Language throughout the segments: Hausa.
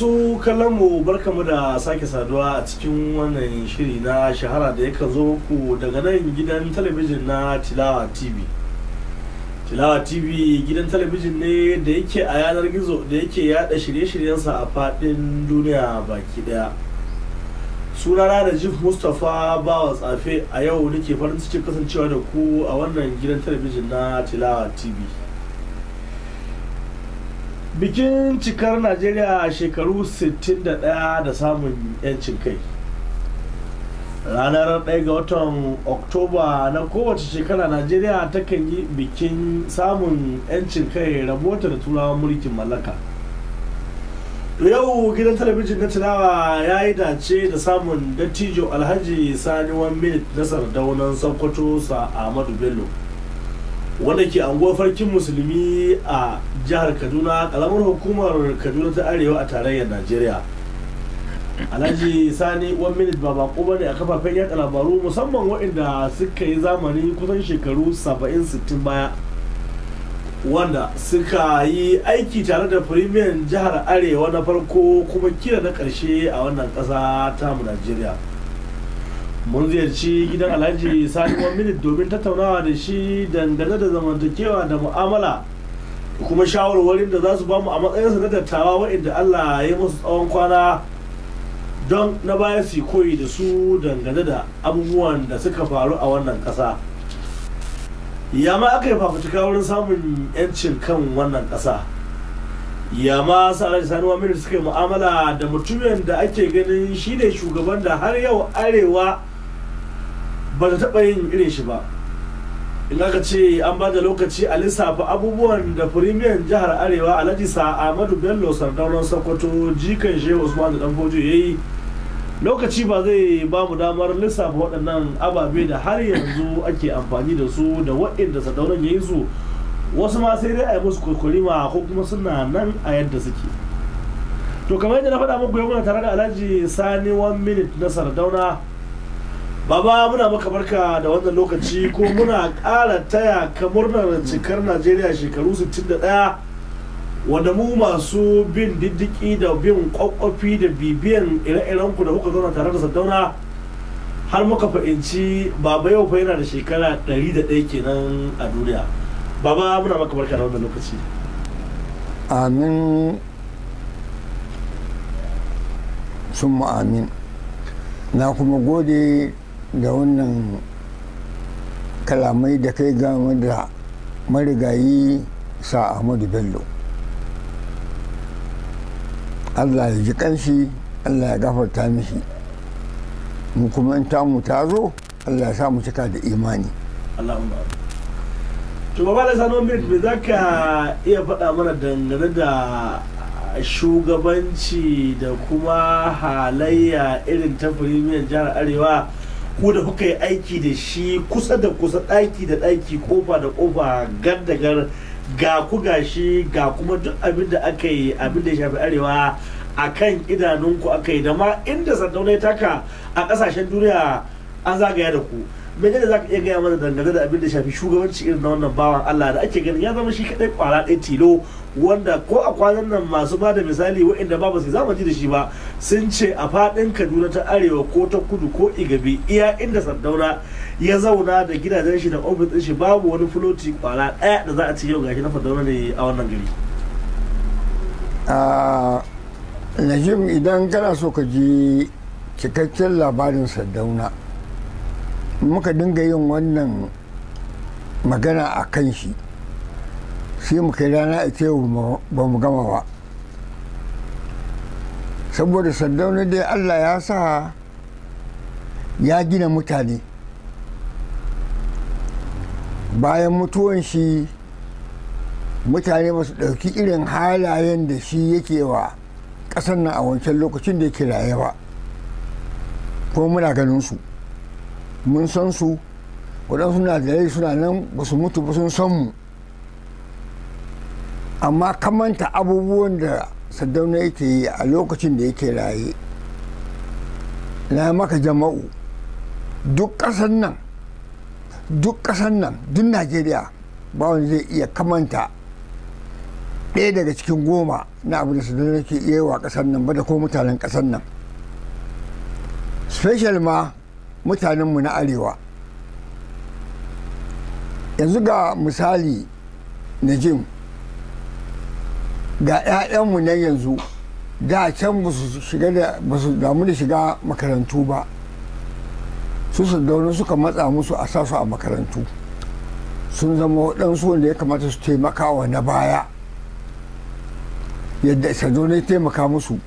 masu kallon mu barkamu da sake saduwa a cikin wannan shiri na shahara da ya zo ku daga nan gidan talabijin na tilawa tv tilawa tv gidan talabijin ne da yake a yanar gizo da yake yada shirye-shiryensa a fadin duniya baki daya sunana da jif mustapha bawa tsafe a yau nake farin cikin kasancewa da ku a wannan gidan talabijin na tilawa tv bikin cikar najeriya a shekaru 61 da samun yancin kai ranar 1 ga watan oktoba na kowace shekara najeriya takan yi bikin samun yancin kai rabota da turawan mulkin mallaka yau gidan talabijin na tunawa ya yi dace da samun dattijo alhaji sani wan minit nasar daunan sokoto sa ahmadu bello wanda ke anguwar farkin musulmi a jihar kaduna kalamar hukumar kaduna ta arewa a tarayyar najeriya alhaji sani one minute ba bako bane a kafafen yaka labaru musamman waɗanda suka yi zamani kusan shekaru 70-60 baya wanda suka yi aiki tare da firimiyan jihar arewa na farko kuma kira na ƙarshe a wannan ƙasa tamu najeriya mun ziyarci gidan alhaji sani minit domin tattaunawa da shi dangane da zamantakewa da mu'amala kuma shawarwarin da za su bamu a matsayinsa na dattawa wa'inda allah ya musu tsawon kwana don na baya su koyi da su dangane da abubuwan da suka faru a wannan ƙasa ya ma aka yi fafutuka wurin samun 'yancin kan wannan ƙasa ya ma sani wa minit suka yi mu'amala da mutumin da ake ganin shi ne shugaban da har yau arewa ba ta taɓa yin irin shi ba in aka ce an ba da lokaci a lissafa abubuwan da firimiyan jihar arewa alhaji sa'amadu bello sardaunar sokoto jikan shehu usman da dan ya yi lokaci ba zai ba mu damar lissafa waɗannan ababe da har yanzu ake amfani da su da waɗanda sardaunar ya yi su wasu ma sai dai a yi musu kurkurima ko kuma suna nan a yadda suke to kamar yadda na faɗa muku yau muna tare da alhaji sani one minute na sardauna Baba muna maka barka da wannan lokaci ko muna ƙara taya ka murnar cikar Najeriya shekaru 61 wanda mu masu bin diddiki da bin kwakwafi da bibiyan ire-iren ku da kuka zauna tare da Saddauna har muka fahimci baba yau fa yana da shekara 101 kenan a duniya. Baba muna maka barka da wannan lokaci. Amin sun amin. na kuma gode da wannan kalamai da kai game da marigayi sa ahmadu bello allah ya ji kanshi allah ya gafarta mishi mu kuma in tamu ta zo allah ya sa mu cika da imani shugaba da sano mit me za ka iya faɗa mana dangane da shugabanci da kuma halayya irin ta firimiyar jihar arewa ku da kuka yi aiki da shi kusa da kusa ɗaki da ɗaki kofa da kofa gar da gar ga ku ga shi ga kuma duk abin da aka yi abin da ya shafi arewa a kan idanunku aka yi da ma inda sandaunai taka a ƙasashen duniya an zagaya da ku menene za ka iya gaya mana dangane da abin da shafi shugabanci irin na wannan bawan Allah da ake ganin ya zama shi kadai kwara ɗaya tilo wanda ko a kwanan nan masu ba da misali waɗanda ba ba su ji da shi ba sun ce a faɗin Kaduna ta Arewa ko ta Kudu ko Igabe iya inda Sardauna ya zauna da gidajen shi da ofis ɗin shi babu wani fuloti kwara ɗaya da za a ce yau gashi na Sardauna ne a wannan gari. Najib idan kana so ka ji cikakken labarin Sardauna muka dinga yin wannan magana a kan shi sai muka rana a ce ba mu gama ba saboda sardauna dai allah ya sa ya gina mutane bayan mutuwan shi mutane masu ɗauki irin halayen da shi yake wa ƙasar nan a wancan lokacin da yake raye ko muna ganin su mun san su waɗansu na da suna nan ba su mutu ba sun san mu amma kamanta abubuwan da saddauna yake yi a lokacin da yake raye na maka jama'u duk ƙasar nan duk ƙasar nan duk najeriya ba wani zai iya kamanta ɗaya daga cikin goma na abu da saddauna yake iya wa ƙasar nan ba da ko mutanen ƙasar nan special ma mutanenmu na arewa yanzu ga misali na jim ga 'ya'yanmu na yanzu da can ba su da damu da shiga makarantu ba su su suka matsa musu a sasu a makarantu sun zama waɗansu wanda ya kamata su taimaka wa na baya yadda sado ne taimaka musu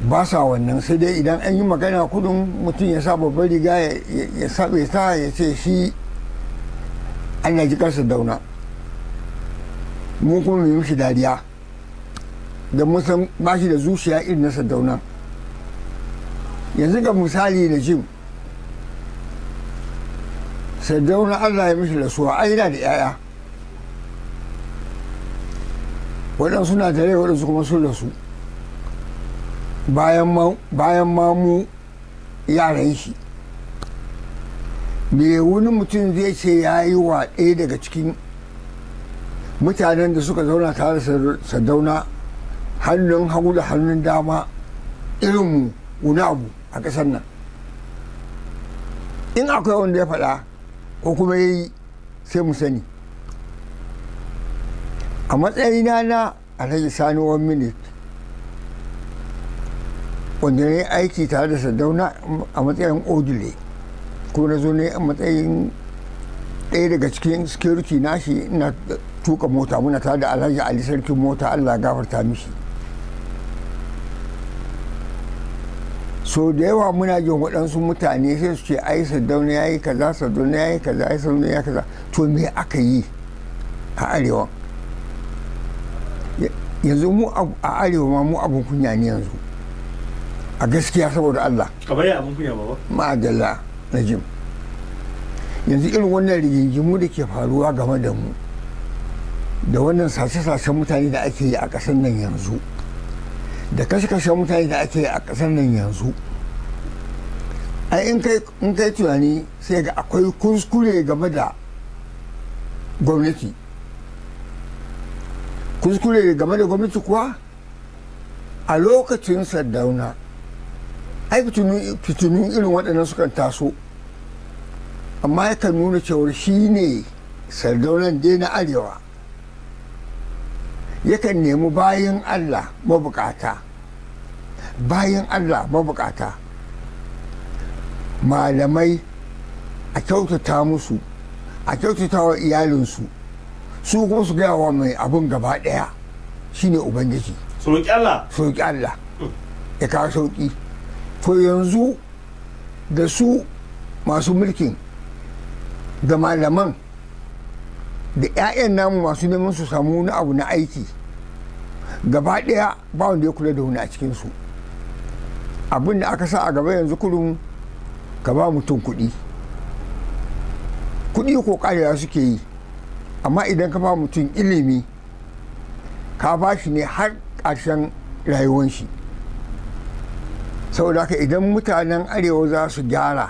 ba sa wannan sai dai idan an yi magana kudin mutum ya sa babbar riga ya sabe ta ya ce shi allah ji karsa dauna mun kuma mai mishi dariya da musan ba shi da zuciya irin na dauna yanzu ga misali na jim sadauna allah ya mishi rasuwa ai yana da 'ya'ya waɗansu na tare waɗansu kuma sun rasu bayan ma mu yaran shi me wani mutum zai ce ya yi wa ɗaya daga cikin mutanen da suka zauna tare sadauna hannun hagu da hannun dama irin wani abu a ƙasar nan in akwai wanda ya faɗa ko kuma ya yi sai mu sani a matsayina na rage sani one minute wanda ne aiki tare da sadauna a matsayin odile ko na zo ne a matsayin ɗaya daga cikin security nashi na tuka mota muna tare da alhaji ali sarkin mota allah gafarta mishi so da yawa muna jin waɗansu mutane sai su ce ai sadauna ya yi kaza sadauna ya yi kaza ai sadauna ya kaza to me aka yi a arewa yanzu mu a arewa ma mu abin kunya ne yanzu a gaskiya saboda Allah Kabar ya abin kunya baba ma'adalla jim. yanzu irin wannan rigingimu da ke faruwa game da mu da wannan sace-sacen mutane da ake yi a ƙasar nan yanzu da kashe-kashen mutane da ake yi a ƙasar nan yanzu a in kai tunani sai ga akwai kuskure game da gwamnati kuskure game da gwamnati kuwa a lokacin sardauna ai fitinu irin waɗannan sukan taso amma yakan nuna cewar shi ne sardaunan dai na arewa yakan nemi bayan allah mabukata bayan allah mabukata malamai a kyautata musu a kyautata wa iyalinsu su kuma su gaya wa mai abin gaba ɗaya ne ubangiji sauƙi allah sauƙi allah hmm. ya kawo sauƙi to yanzu da su masu mulkin da malaman da 'ya'yan namu masu neman su samu wani abu na aiki gaba ɗaya ba wanda ya kula da wani a cikinsu abin da aka sa a gaba yanzu kurum ka ba mutum kuɗi kuɗi ko ƙarewa suke yi amma idan ka ba mutum ilimi ka ba shi ne har ƙarshen shi. saboda haka idan mutanen arewa za su gyara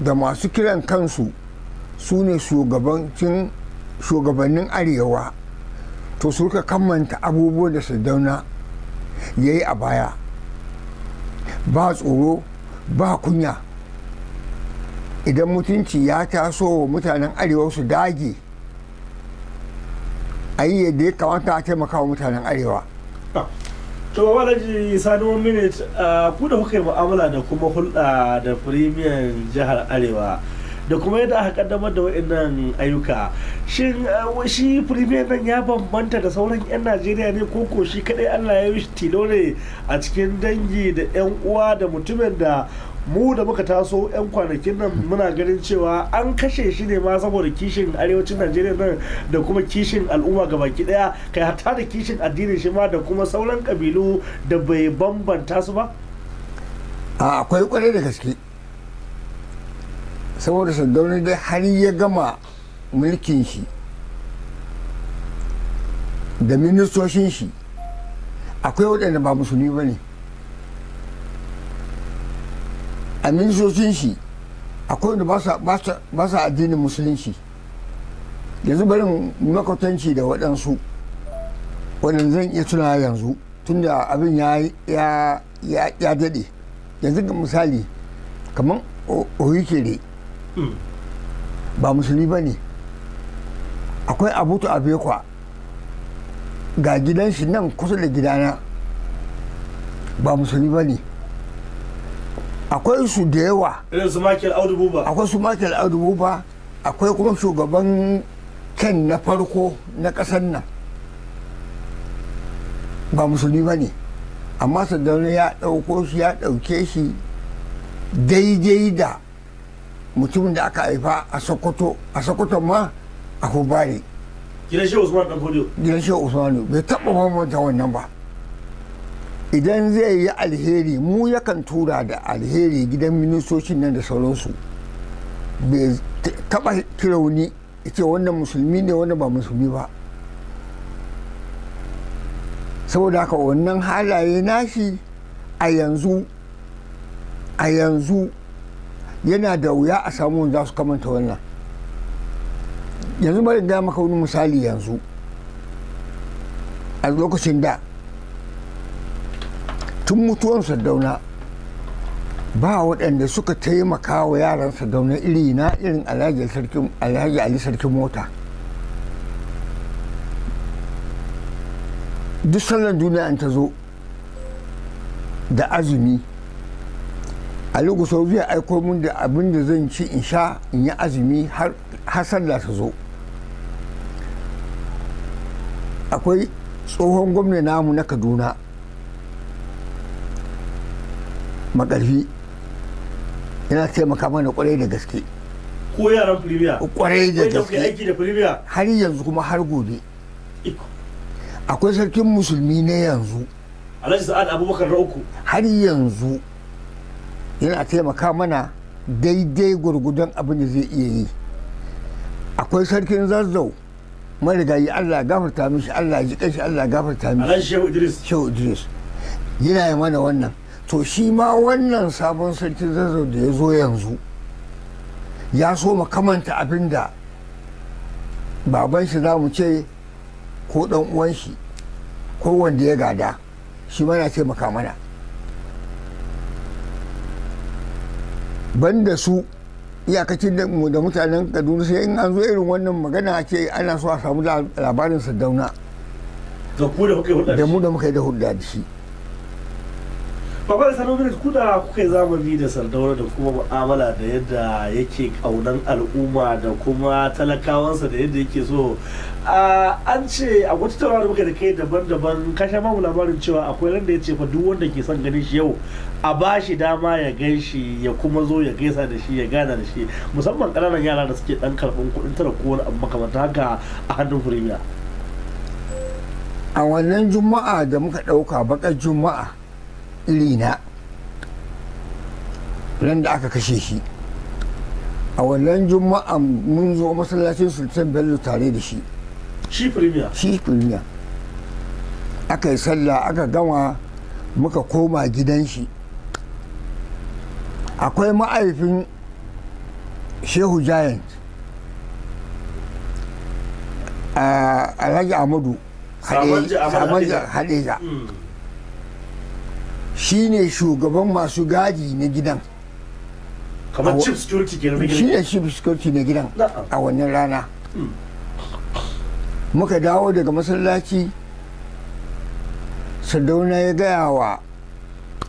da masu kiran kansu su ne shugabannin arewa to su ka kammanta abubuwan da dauna ya yi a baya ba tsoro ba kunya idan mutunci ya taso wa mutanen arewa su dage a yi yadda ya kamata a taimaka wa mutanen arewa to alhaji sani one minute uh, ku da kuka yi mu'amala da kuma hulɗa da firimiyan jihar arewa da kuma yadda aka kaddamar da wa'annan ayyuka uh, shi firimiyan nan ya bambanta da sauran 'yan najeriya ne ko ko shi kadai allah ya yi tilo ne a cikin dangi da 'yan uwa da mutumin da mu da muka taso 'yan kwanakin nan muna ganin cewa an kashe shi ne ma saboda kishin arewacin najeriya nan da kuma kishin al'umma ga baki daya kai hatta da kishin addinin shi ma da kuma sauran kabilu da bai bambanta su ba a akwai kwarai da gaske saboda sardauna dai har ya gama mulkin shi da ministoshin shi akwai waɗanda ba musulmi ba ne a ministocin shi akwai wanda ba sa addinin musulunci yanzu barin makwatanci da waɗansu wannan zan iya tuna yanzu tunda abin ya daɗe yanzu ga misali kamar ohikere hmm. ba musulmi ba ne akwai abutu abekwa ga gidan shi nan kusa da gidana ba musulmi ba ne akwai su da yawa irin su michael audububa akwai su michael audububa akwai kuma shugaban ken na farko na kasar nan ba musulmi ba ne amma sadauna ya dauko su ya dauke shi daidai da mutumin da aka haifa a sokoto a sokoto ma a kubari gidan shehu usman bai taɓa mamanta wannan ba idan zai yi alheri mu yakan tura da alheri gidan ministocin nan da sauransu bai taba kirauni ce wannan musulmi ne wannan ba musulmi ba saboda haka wannan halaye nashi a yanzu a yanzu yana da wuya a samu za su kamanta wannan yanzu bari da maka wani misali yanzu a lokacin da tun mutuwan sadauna ba waɗanda suka taimaka wa yaran sadauna iri na irin alhaji ali sarkin mota duk sallan duniya ta zo da azumi a lokacin zai aiko min da abin da zan ci in sha in yi azumi har sallah ta zo akwai tsohon gwamna namu na kaduna makarfi yana taimaka mana kwarai da gaske ko yaran firimiya kwarai da gaske har yanzu kuma har gobe akwai sarkin musulmi na yanzu alhaji sa'ad abubakar na uku har yanzu yana taimaka mana daidai gwargudon abin da zai iya yi akwai sarkin zazzau marigayi allah gafarta mishi allah ji shi allah gafarta mishi alhaji shehu idris shehu idris yana yi mana wannan to shi ma wannan sabon sarki zazzau da ya zo yanzu ya so kamanta abin da baban shi za mu ce ko dan uwan shi ko wanda ya gada shi ma na ce makamana banda su iyakacin da mutanen kaduna sai in an zo irin wannan magana ce ana so a samu labarin sadauna da mu da muka yi da hudu da shi babban sanobin ku da kuka yi zamani da sardaura da kuma mu'amala da yadda yake kaunan al'umma da kuma talakawansa da yadda yake so an ce a wata taurawa da muka da kai daban-daban kashe mamu labarin cewa akwai ran da ya ce fa duk wanda ke son ganin shi yau a ba shi dama ya gan shi ya kuma zo ya gaisa da shi ya gana da shi musamman ƙananan yara da suke ɗan karɓan kuɗin tara ko wani abu makamanta haka a hannun firimiya a wannan juma'a da muka ɗauka baƙar juma'a irina nan da aka kashe shi a wannan juma'a mun zo masallacin sultan bello tare da shi shi firimiya aka yi sallah aka gama muka koma gidan shi akwai ma'aifin shehu giant alhaji amadu hadeja shine shugaban masu gadi na gidan kamar chief security na gidan a wannan rana muka dawo daga masallaci sadauna ya gaya wa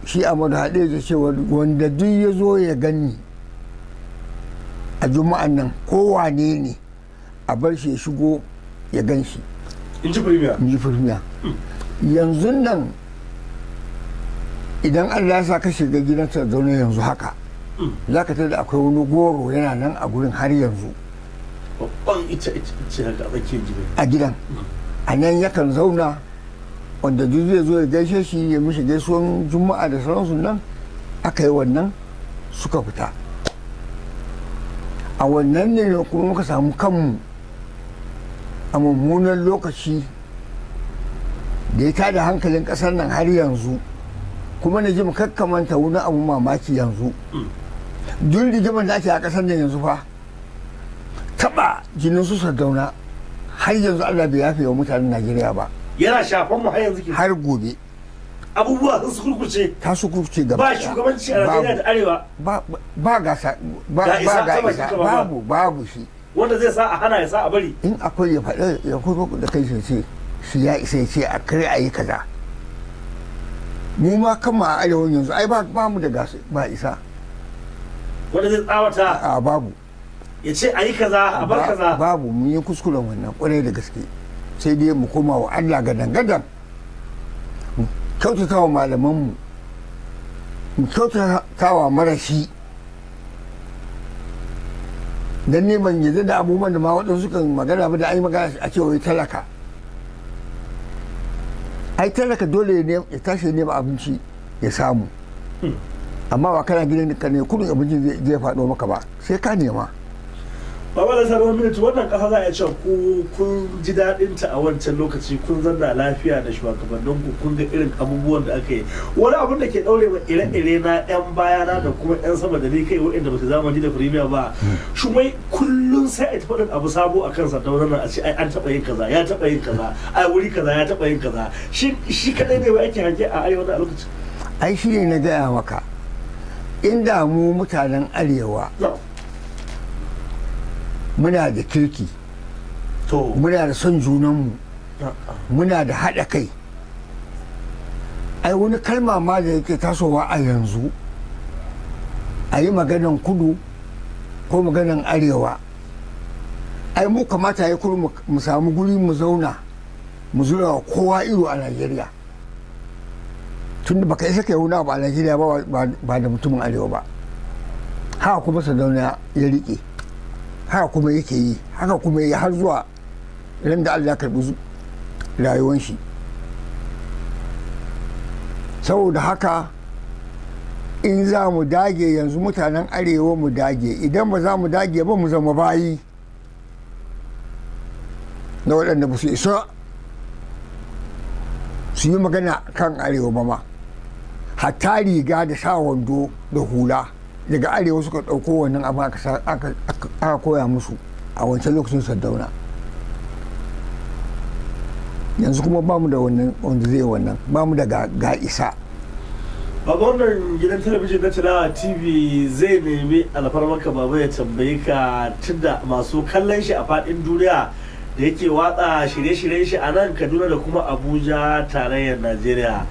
shi amadu haɗe cewa wanda duk ya zo ya gani a juma'an nan kowane ne a bar shi ya shigo ya gan shi in ji firmiya hmm. yanzu nan idan allah ya sa ka shiga gidan sardauna yanzu haka hmm. za ka da akwai wani goro yana nan a gurin har yanzu a gidan a nan yakan zauna wanda duk zai zo ya gaishe shi ya mishi gaisuwan juma'a da sauransu nan aka yi wannan suka fita a wannan ne kuma muka samu kanmu a mummunan lokaci da ya tada hankalin kasar nan har yanzu kuma na ji kakkamanta wani abu mamaki yanzu duk rigimar da ake a kasar da yanzu fa taba jinin su sardauna har yanzu allah bai yafe wa mutanen najeriya ba yana shafan mu har yanzu ke. har gobe abubuwa sun su kurkuce ta su kurkuce gaba ba shugabanci a najeriya da arewa ba gasa ba ga isa babu babu shi wanda zai sa a hana ya sa a bari in akwai ya faɗa ya kurkuku da kai shi ya isa ya ce a kare a yi kaza mu ma kama a arewa yanzu ai ba mu da gasu ba isa wanda zai tsawata a babu ya ce a yi kaza a bar kaza babu mun yi kuskuren wannan kwarai da gaske sai dai mu koma wa Allah gadan gadan mu kyautata wa malamanmu mu kyautata wa marashi dan neman yanzu da abubuwan da ma waɗansu kan magana ba da ai magana a cewa talaka ai talaka dole ne ya tashi nema abinci ya samu hmm. amma wa kana gidan ka ne kudin abincin zai faɗo maka ba sai ka nema Baba da sabon miniti wannan kasa za a ce ku kun ji daɗin ta a wancan lokaci kun zanna lafiya da shugabannin ku kun ga irin abubuwan da aka yi wani abun da ke daure ma ire-ire na ɗan bayana da kuma ɗan sama da ni kai waɗanda ba su ji da firimiya ba shumai kullum sai a tafi abu sabo a kansa ta wannan a ce ai an taɓa yin kaza ya taɓa yin kaza ai wuri kaza ya taɓa yin kaza shi shi kadai ne ba ake hange a arewa da lokaci ai shi ne na gaya maka inda mu mutanen arewa muna da kirki muna da son junanmu ah, ah. muna da haɗa kai ai wani kalma ma da yake tasowa a yanzu a yi maganan kudu ko maganan arewa ai mu kamata ya kuru mu samu guri mu zauna mu zura kowa iro a najeriya tun da baka isa ka wuna ba a najeriya ba da mutumin arewa ba haka kuma sadauna ya riƙe haka kuma yake yi haka kuma yi har zuwa ran da allah karbi rayuwar shi saboda haka in za mu dage yanzu mutanen arewa mu dage idan ba za mu dage ba mu zama bayi na waɗanda ba su isa su yi magana kan arewa ba ma hatta riga da sa wando da hula daga arewa suka ɗauko wannan abin aka koya musu a wancan lokacin sardauna yanzu kuma ba mu da wannan wanda zai wannan ba mu da ga isa a wannan gidan talabijin na talawa tv zai nemi alfarmarka baba ya tambayi ka tunda masu kallon shi a faɗin duniya da yake watsa shirye-shiryen shi a nan kaduna da kuma abuja tarayyar najeriya